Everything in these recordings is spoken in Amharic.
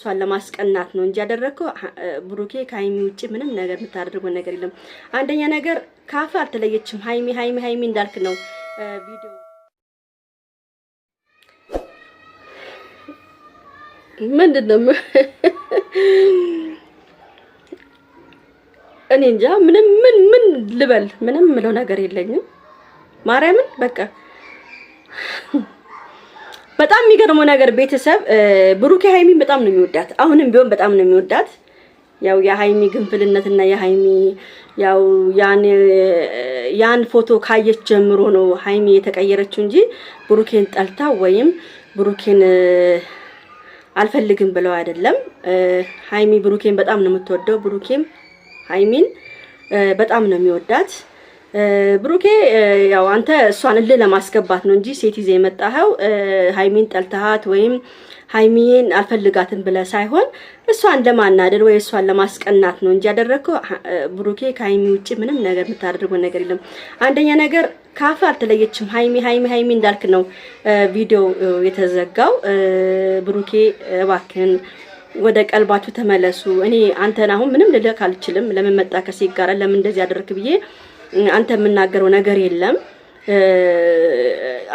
እሷን ለማስቀናት ነው እንጂ ያደረግከው ብሩኬ ከሀይሚ ውጭ ምንም ነገር የምታደርገው ነገር የለም። አንደኛ ነገር ካፍ አልተለየችም። ሀይሚ ሀይሚ ሀይሚ እንዳልክ ነው ቪዲዮ ምንድን ነው እኔ እንጃ። ምንም ምን ምን ልበል ምንም ምለው ነገር የለኝም። ማርያምን በቃ በጣም የሚገርመው ነገር ቤተሰብ ብሩኬ ሀይሚን በጣም ነው የሚወዳት። አሁንም ቢሆን በጣም ነው የሚወዳት። ያው የሀይሚ ግንፍልነትና የሀይሚ ያው ያን ያን ፎቶ ካየች ጀምሮ ነው ሀይሚ የተቀየረችው እንጂ ብሩኬን ጠልታ ወይም ብሩኬን አልፈልግም ብለው አይደለም። ሀይሚ ብሩኬን በጣም ነው የምትወደው። ብሩኬም ሀይሚን በጣም ነው የሚወዳት። ብሩኬ ያው አንተ እሷን እልህ ለማስገባት ነው እንጂ ሴት ይዘህ የመጣኸው ሀይሚን ጠልተሃት ወይም ሀይሚን አልፈልጋትም ብለህ ሳይሆን እሷን ለማናደድ ወይ እሷን ለማስቀናት ነው እንጂ ያደረግከው። ብሩኬ ከሀይሚ ውጭ ምንም ነገር የምታደርገው ነገር የለም። አንደኛ ነገር ካፍ አልተለየችም። ሀይሚ ሀይሚ ሀይሚ እንዳልክ ነው ቪዲዮ የተዘጋው። ብሩኬ እባክህን ወደ ቀልባችሁ ተመለሱ። እኔ አንተን አሁን ምንም ልልህ አልችልም። ለምን መጣ ከሴት ጋር ለምን እንደዚህ አደረክ ብዬ አንተ የምናገረው ነገር የለም።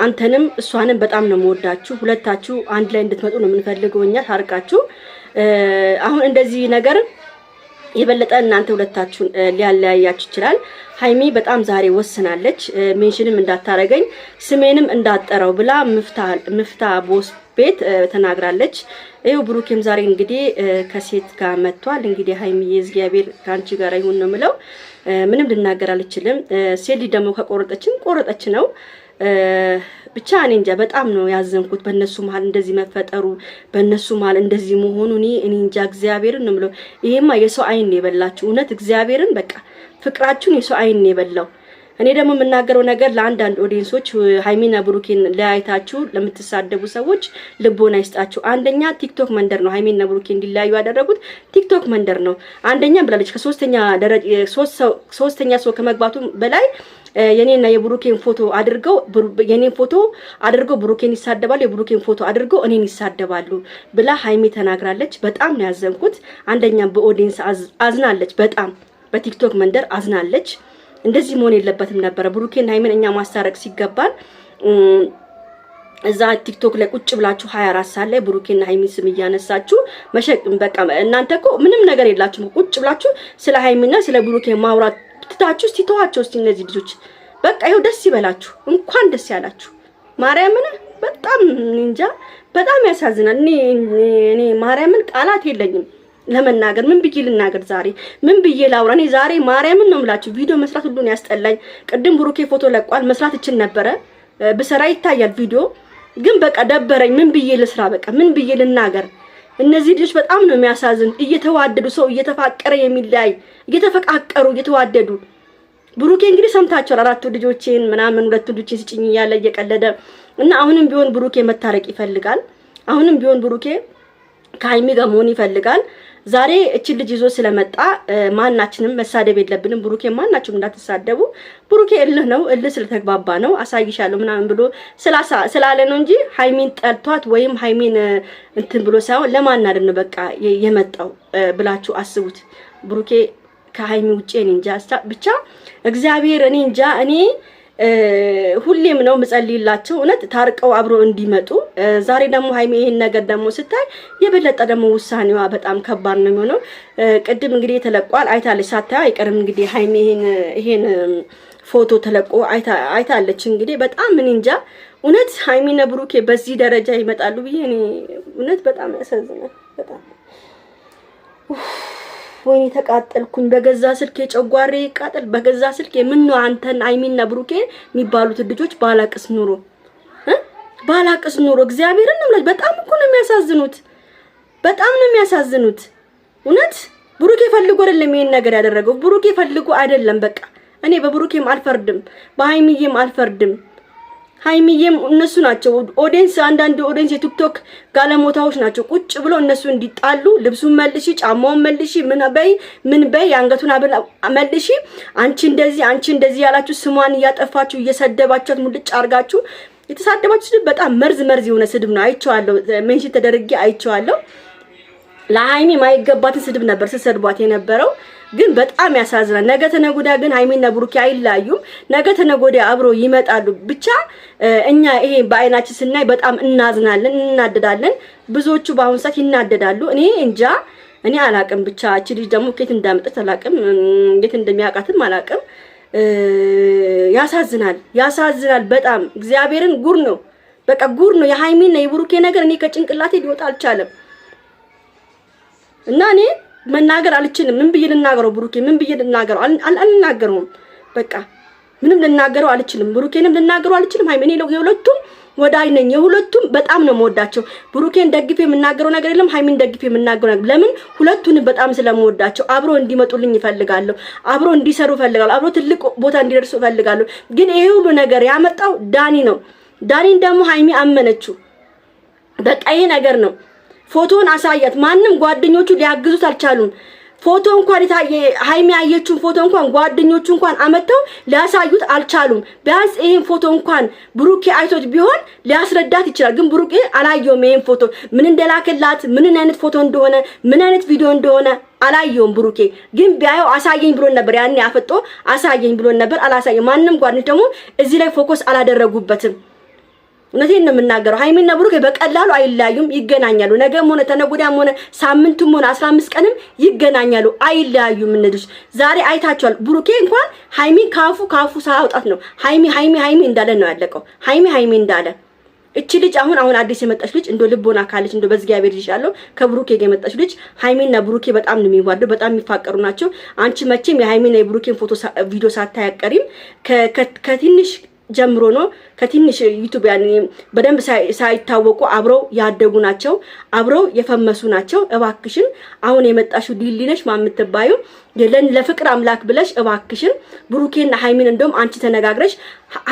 አንተንም እሷንም በጣም ነው የምወዳችሁ። ሁለታችሁ አንድ ላይ እንድትመጡ ነው የምንፈልገው እኛ ታርቃችሁ። አሁን እንደዚህ ነገር የበለጠ እናንተ ሁለታችሁን ሊያለያያችሁ ይችላል። ሀይሚ በጣም ዛሬ ወስናለች። ሜንሽንም እንዳታረገኝ ስሜንም እንዳጠረው ብላ ምፍታ ቦስ ቤት ተናግራለች። ይኸው ብሩኬም ዛሬ እንግዲህ ከሴት ጋር መጥቷል። እንግዲህ ሀይሚ እግዚአብሔር ከአንቺ ጋር ይሁን ነው የምለው ምንም ልናገር አልችልም። ሴሊ ደግሞ ከቆረጠችን ቆረጠች ነው። ብቻ እኔ እንጃ በጣም ነው ያዘንኩት። በእነሱ መሀል እንደዚህ መፈጠሩ፣ በእነሱ መሀል እንደዚህ መሆኑ እኔ እኔ እንጃ እግዚአብሔርን ነው የምለው። ይሄማ የሰው አይን ነው የበላችሁ። እውነት እግዚአብሔርን በቃ ፍቅራችሁን የሰው አይን ነው የበላው። እኔ ደግሞ የምናገረው ነገር ለአንዳንድ ኦዲየንሶች ሀይሚና ብሩኬን ለያይታችሁ ለምትሳደቡ ሰዎች ልቦና ይስጣችሁ። አንደኛ ቲክቶክ መንደር ነው ሀይሚና ብሩኬ እንዲለያዩ ያደረጉት ቲክቶክ መንደር ነው። አንደኛ ብላለች ከሶስተኛ ደረጃ ሶስተኛ ሰው ከመግባቱ በላይ የኔና የብሩኬን ፎቶ አድርገው የኔን ፎቶ አድርገው ብሩኬን ይሳደባሉ፣ የብሩኬን ፎቶ አድርገው እኔን ይሳደባሉ ብላ ሀይሚ ተናግራለች። በጣም ነው ያዘንኩት። አንደኛ በኦዲየንስ አዝናለች፣ በጣም በቲክቶክ መንደር አዝናለች። እንደዚህ መሆን የለበትም ነበረ። ብሩኬን ሃይሜን እኛ ማስታረቅ ሲገባል እዛ ቲክቶክ ላይ ቁጭ ብላችሁ 24 ሰዓት ላይ ብሩኬና ሃይሚን ስም እያነሳችሁ መሸቅ በቃ እናንተ እኮ ምንም ነገር የላችሁም። ቁጭ ብላችሁ ስለ ሃይሚና ስለ ብሩኬ ማውራት ትታችሁ እስቲ ተዋቸው እስቲ እነዚህ ልጆች በቃ ይኸው ደስ ይበላችሁ። እንኳን ደስ ያላችሁ። ማርያምን በጣም እንጃ፣ በጣም ያሳዝናል። እኔ እኔ ማርያምን ቃላት የለኝም። ለመናገር ምን ብዬ ልናገር? ዛሬ ምን ብዬ ላውራ? እኔ ዛሬ ማርያምን ነው የምላችሁ፣ ቪዲዮ መስራት ሁሉን ያስጠላኝ። ቅድም ብሩኬ ፎቶ ለቋል፣ መስራት እችል ነበረ፣ ብሰራ ይታያል ቪዲዮ። ግን በቃ ደበረኝ። ምን ብዬ ልስራ? በቃ ምን ብዬ ልናገር? እነዚህ ልጆች በጣም ነው የሚያሳዝን። እየተዋደዱ ሰው እየተፋቀረ የሚለያይ እየተፈቃቀሩ እየተዋደዱ ብሩኬ እንግዲህ ሰምታችኋል። አራቱ ልጆቼን ምናምን ሁለቱ ልጆችን ስጭኝ እያለ እየቀለደ እና አሁንም ቢሆን ብሩኬ መታረቅ ይፈልጋል። አሁንም ቢሆን ብሩኬ ከሀይሚ ጋር መሆን ይፈልጋል። ዛሬ እችን ልጅ ይዞ ስለመጣ ማናችንም መሳደብ የለብንም። ብሩኬ ማናችሁም እንዳትሳደቡ። ብሩኬ እልህ ነው፣ እልህ ስለተግባባ ነው አሳይሻለሁ ምናምን ብሎ ስላለ ነው እንጂ ሀይሚን ጠልቷት ወይም ሀይሚን እንትን ብሎ ሳይሆን ለማናደድ ነው በቃ የመጣው ብላችሁ አስቡት። ብሩኬ ከሀይሚ ውጭ እኔ እንጃ ብቻ እግዚአብሔር እኔ እንጃ እኔ ሁሌም ነው ምጸልይላቸው እውነት ታርቀው አብሮ እንዲመጡ። ዛሬ ደግሞ ሀይሜ ይህን ነገር ደግሞ ስታይ የበለጠ ደግሞ ውሳኔዋ በጣም ከባድ ነው የሚሆነው። ቅድም እንግዲህ ተለቋል አይታለች፣ ሳታ አይቀርም እንግዲህ ሀይሜ ይሄን ፎቶ ተለቆ አይታለች። እንግዲህ በጣም ምን እንጃ እውነት ሀይሚና ብሩኬ በዚህ ደረጃ ይመጣሉ ብዬ እኔ እውነት በጣም ያሳዝናል በጣም ወይኔ ተቃጠልኩኝ፣ በገዛ ስልክ የጨጓሬ ይቃጠል፣ በገዛ ስልክ የምን ነው አንተን አይሚና ብሩኬ የሚባሉት ልጆች ባላቅስ ኑሮ ባላቅስ ኑሮ እግዚአብሔርን ነው። በጣም እኮ ነው የሚያሳዝኑት፣ በጣም ነው የሚያሳዝኑት። እውነት ብሩኬ ፈልጎ አይደለም ይሄን ነገር ያደረገው፣ ብሩኬ ፈልጎ አይደለም። በቃ እኔ በብሩኬም አልፈርድም፣ በሀይሚዬም አልፈርድም። ሀይሚዬም እነሱ ናቸው። ኦዲንስ አንዳንድ ኦዲየንስ የቲክቶክ ጋለሞታዎች ናቸው። ቁጭ ብሎ እነሱ እንዲጣሉ ልብሱን መልሺ፣ ጫማውን መልሺ፣ ምን በይ ምን በይ፣ አንገቱን አብል መልሺ፣ አንቺ እንደዚህ አንቺ እንደዚህ ያላችሁ ስሟን እያጠፋችሁ እየሰደባችሁት ሙልጭ አርጋችሁ የተሳደባችሁ ስድብ በጣም መርዝ መርዝ የሆነ ስድብ ነው። አይቼዋለሁ፣ ሜንሽን ተደርጌ አይቼዋለሁ። ለሀይሚ ማይገባትን ስድብ ነበር ስሰድቧት የነበረው። ግን በጣም ያሳዝናል። ነገ ተነጎዳ ግን ሀይሚና ብሩኬ አይላዩም። ነገ ተነጎዳ አብሮ ይመጣሉ። ብቻ እኛ ይሄ በአይናችን ስናይ በጣም እናዝናለን፣ እናደዳለን። ብዙዎቹ በአሁኑ ሰዓት ይናደዳሉ። እኔ እንጃ እኔ አላቅም። ብቻ እቺ ልጅ ደግሞ ኬት እንዳመጠች አላቅም፣ እንዴት እንደሚያውቃትም አላቅም። ያሳዝናል፣ ያሳዝናል በጣም እግዚአብሔርን ጉር ነው በቃ ጉር ነው የሀይሚና የብሩኬ ነገር። እኔ ከጭንቅላቴ ሊወጣ አልቻለም እና እኔ መናገር አልችልም። ምን ብዬ ልናገረው? ብሩኬ ምን ብዬ ልናገረው? አልናገረውም። በቃ ምንም ልናገረው አልችልም። ብሩኬንም ልናገረው አልችልም። ሀይሜ የሁለቱም ወዳጅ ነኝ። የሁለቱም በጣም ነው መወዳቸው። ብሩኬን ደግፌ የምናገረው ነገር የለም። ሀይሜን ደግፌ የምናገረው ነገር ለምን? ሁለቱንም በጣም ስለመወዳቸው አብሮ እንዲመጡልኝ ይፈልጋለሁ። አብሮ እንዲሰሩ እፈልጋለሁ። አብሮ ትልቅ ቦታ እንዲደርሱ እፈልጋለሁ። ግን ይሄ ሁሉ ነገር ያመጣው ዳኒ ነው። ዳኒን ደግሞ ሀይሚ አመነችው። በቃ ይሄ ነገር ነው ፎቶን አሳያት። ማንም ጓደኞቹ ሊያግዙት አልቻሉም። ፎቶ እንኳን ሀይሚ ያየችውን ፎቶ እንኳን ጓደኞቹ እንኳን አመተው ሊያሳዩት አልቻሉም። ቢያንስ ይህን ፎቶ እንኳን ብሩኬ አይቶት ቢሆን ሊያስረዳት ይችላል። ግን ብሩኬ አላየውም። ይህን ፎቶ ምን እንደላከላት ምን አይነት ፎቶ እንደሆነ ምን አይነት ቪዲዮ እንደሆነ አላየውም። ብሩኬ ግን ቢያየው አሳየኝ ብሎን ነበር። ያኔ አፈጦ አሳየኝ ብሎን ነበር። አላሳየ ማንም ጓደኞች ደግሞ እዚህ ላይ ፎከስ አላደረጉበትም። እውነቴን ነው የምናገረው። ሀይሚና ብሩኬ በቀላሉ አይለያዩም፣ ይገናኛሉ። ነገም ሆነ ተነጉዳም ሆነ ሳምንቱም ሆነ አስራ አምስት ቀንም ይገናኛሉ፣ አይለያዩም። እንድሽ ዛሬ አይታቸዋል። ብሩኬ እንኳን ሀይሚ ካፉ ካፉ ሳውጣት ነው ሀይሚ ሀይሚ ሀይሚ እንዳለ ነው ያለቀው። ሀይሚ ሀይሚ እንዳለ እቺ ልጅ አሁን አሁን አዲስ የመጣች ልጅ እንደ ልቦና ካለች እንደ በእግዚአብሔር ልጅ ያለው ከብሩኬ ጋር የመጣች ልጅ ሀይሜና ብሩኬ በጣም ነው የሚዋደው፣ በጣም የሚፋቀሩ ናቸው። አንቺ መቼም የሀይሜና የብሩኬን ፎቶ ቪዲዮ ሳታያቀሪም ከትንሽ ጀምሮ ነው። ከትንሽ ዩቱብ በደንብ ሳይታወቁ አብረው ያደጉ ናቸው፣ አብረው የፈመሱ ናቸው። እባክሽን አሁን የመጣሽው ዲሊ ነሽ ማምትባዩ ለፍቅር አምላክ ብለሽ እባክሽን ብሩኬና ሀይሚን እንደውም አንቺ ተነጋግረሽ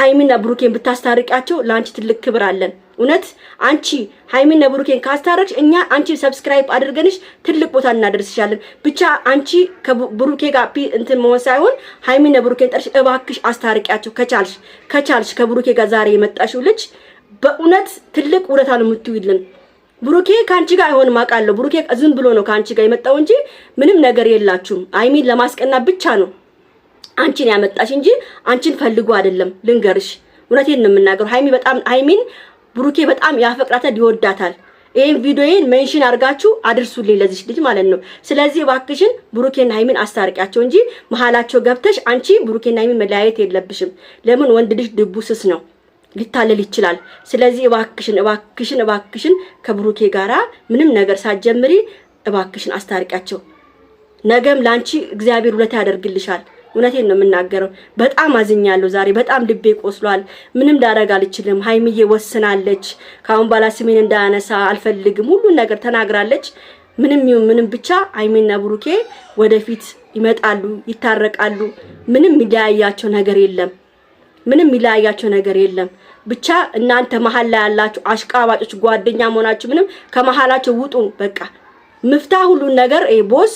ሀይሚና ብሩኬን ብታስታርቂያቸው ለአንቺ ትልቅ ክብር አለን። እውነት አንቺ ሀይሚና ብሩኬን ካስታረቅሽ እኛ አንቺ ሰብስክራይብ አድርገንሽ ትልቅ ቦታ እናደርስሻለን። ብቻ አንቺ ከብሩኬ ጋር እንትን መሆን ሳይሆን ሀይሚና ብሩኬን ጠርሽ እባክሽ አስታርቂያቸው ከቻልሽ ከቻልሽ ከብሩኬ ጋር ዛሬ የመጣሽው ልጅ በእውነት ትልቅ ውለታ ነው የምትውይልን። ብሩኬ ከአንቺ ጋር አይሆንም አውቃለሁ። ብሩኬ ዝም ብሎ ነው ከአንቺ ጋር የመጣው እንጂ ምንም ነገር የላችሁም። ሀይሚን ለማስቀና ብቻ ነው አንቺን ያመጣሽ እንጂ አንቺን ፈልጎ አይደለም። ልንገርሽ፣ እውነቴን ነው የምናገረው። ሀይሚ በጣም ሀይሚን ብሩኬ በጣም ያፈቅራታል፣ ይወዳታል። ይህን ቪዲዮዬን መንሽን አድርጋችሁ አድርሱልኝ ለዚች ልጅ ማለት ነው። ስለዚህ እባክሽን ብሩኬና ሃይሚን አስታርቂያቸው እንጂ መሀላቸው ገብተሽ አንቺ ብሩኬና ሃይሚን መለያየት የለብሽም። ለምን ወንድ ልጅ ድቡ ስስ ነው፣ ሊታለል ይችላል። ስለዚህ እባክሽን እባክሽን እባክሽን ከብሩኬ ጋራ ምንም ነገር ሳትጀምሪ እባክሽን አስታርቂያቸው። ነገም ለአንቺ እግዚአብሔር ውለታ ያደርግልሻል። እውነቴን ነው የምናገረው። በጣም አዝኛለሁ ዛሬ በጣም ልቤ ቆስሏል። ምንም ዳረግ አልችልም። ሀይሚዬ ወስናለች። ከአሁን በኋላ ስሜን እንዳያነሳ አልፈልግም። ሁሉን ነገር ተናግራለች። ምንም ይሁን ምንም ብቻ ሀይሚና ብሩኬ ወደፊት ይመጣሉ፣ ይታረቃሉ። ምንም የሚለያያቸው ነገር የለም። ምንም የሚለያያቸው ነገር የለም። ብቻ እናንተ መሀል ላይ ያላችሁ አሽቃባጮች ጓደኛ መሆናችሁ ምንም ከመሀላቸው ውጡ። በቃ ምፍታ ሁሉን ነገር ቦስ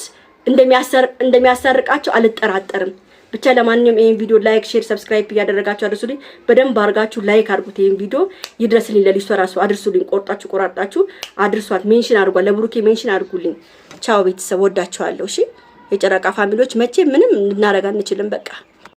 እንደሚያሰርቃቸው አልጠራጠርም። ብቻ ለማንኛውም ይህን ቪዲዮ ላይክ፣ ሼር፣ ሰብስክራይብ እያደረጋችሁ አድርሱልኝ። በደንብ አድርጋችሁ ላይክ አድርጉት። ይህን ቪዲዮ ይድረስልኝ፣ ለሊስቷ ራሱ አድርሱልኝ። ቆርጣችሁ ቆራርጣችሁ አድርሷት። ሜንሽን አድርጓ ለብሩኬ ሜንሽን አድርጉልኝ። ቻው ቤተሰብ፣ ወዳችኋለሁ። እሺ የጨረቃ ፋሚሊዎች መቼ ምንም ልናረጋ አንችልም። በቃ